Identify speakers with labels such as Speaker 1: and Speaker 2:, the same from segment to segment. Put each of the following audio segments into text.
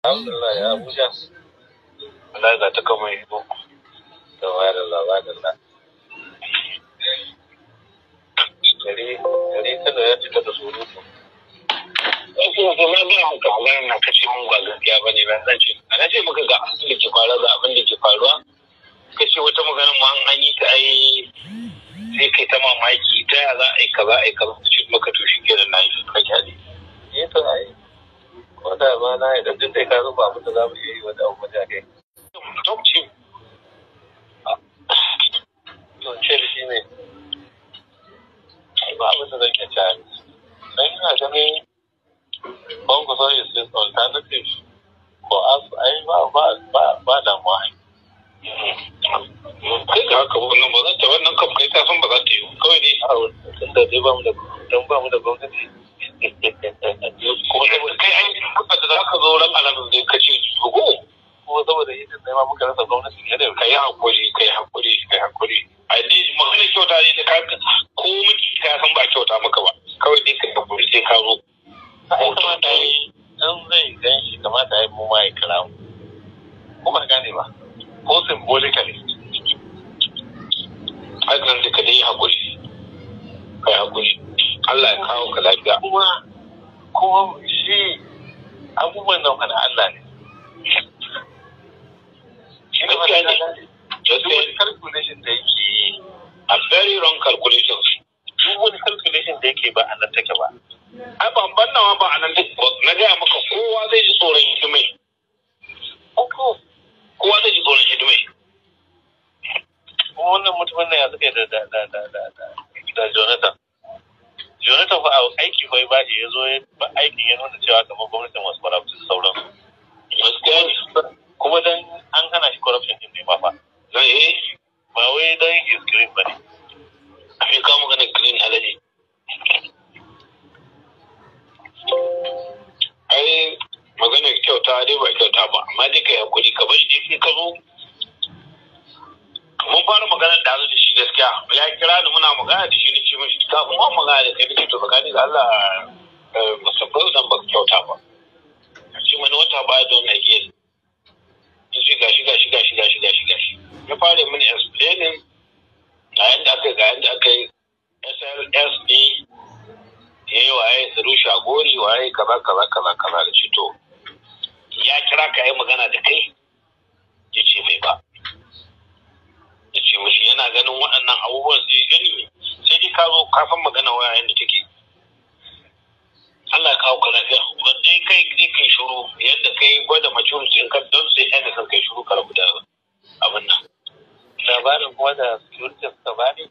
Speaker 1: Alhamdulillah ya Abuja. Allah ga ta kama yi boko. Da wayar Allah ba da Allah. Gari gari kada ya cika da surutu. Wasu wasu na gaya maka maganar na kashe mun ba gaskiya ba ne ban zance. A na ce muka ga abin da ke faruwa ga abin da ke faruwa. Kashe wata maganar mu an yi ta ai sai kai ta mamaki ta ya za a yi kaza a yi kaza. Maka to shi kenan na yi kake hali. Eh wata ma na yadda duk dai ka ba mu da za mu iya yi wanda abu wajen kai top team to ce da shi ne ba abin da zan iya cewa Sai ina ganin bongo so is this alternative ko as ai ba ba ba ba damuwa kai da haka wannan ba za ta wannan kam kai ta san ba za ta yi kawai dai a tunda dai da don ba mu da gwamnati ma muka rasa gwamnati ne da kai hakuri kai hakuri kai hakuri ni magana kyauta ne da ka ko miki ka san ba kyauta maka ba kawai dai ka hakuri sai ka zo hoton da yi in zai gan shi kamata ya mu ma kira mu ko ba gane ba ko symbolically hakan da ka dai hakuri kai hakuri Allah ya kawo ka lafiya kuma kuma shi abubuwan nan fa Allah ne gane wani calculation da yake a very wrong calculations duk wani calculation da yake ba a nan take ba ai ban bannawa ba a nan take ba na gaya maka kowa zai ji tsoron hidimai kowa zai ji tsoron wannan mutumin ne ya suke da da da da da da Jonathan Jonathan fa aiki fa ba shi ya zo aikin ya nuna cewa kamar gwamnatin wasu kwalabtu sauran gaskiya ne kuma dan an hana shi corruption din ne ba ba eh ba wai dan yin screen ba ne a fi kawo magana green alaji ai maganar kyauta dai ba kyauta ba amma dai ka hakuri ka bari dai sai ka zo mun fara magana da da shi gaskiya ya kira ni muna magana da shi ni ce shi? kafin ma magana da kai ne to ni ga Allah musabbar eh, dan ba kyauta ba da aka yi SLSD ya yi waye su rushe a gori waye kaza kaza kaza kaza da shi to ya kira ka yi magana da kai ya ce mai ba ya ce mashi yana ganin waɗannan abubuwan zai gani ne, sai dai ka zo ka san magana wayayen da take Allah kawo ka lafiya ba dai kai ne kai shuru yadda kai gwada mature sun ka don sai ɗan da kan kai shuru ka da abin nan labarin kuma da security suka bani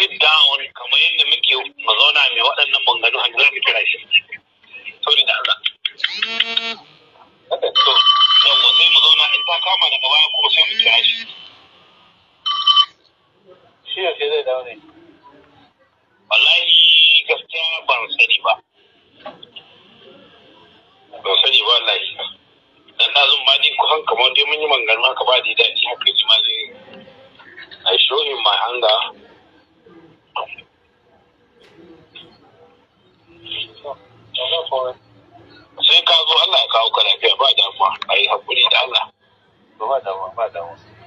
Speaker 1: sit down kamar yadda muke mu zauna mai waɗannan bangano hannu za mu kira shi sauri da Allah yawwa sai mu zauna in ta kama daga baya kuma sai mu kira shi shi ne zai dawo wallahi gaskiya ban sani ba ban sani ba wallahi dan na zan ma dai kusan kamar dai mun yi manganu haka ba da daɗi haka yi ma zai I show him my anger sai ka zo Allah ya kawo ka lafiya ba damuwa a yi haƙuri da Allah ba damuwa ba damuwa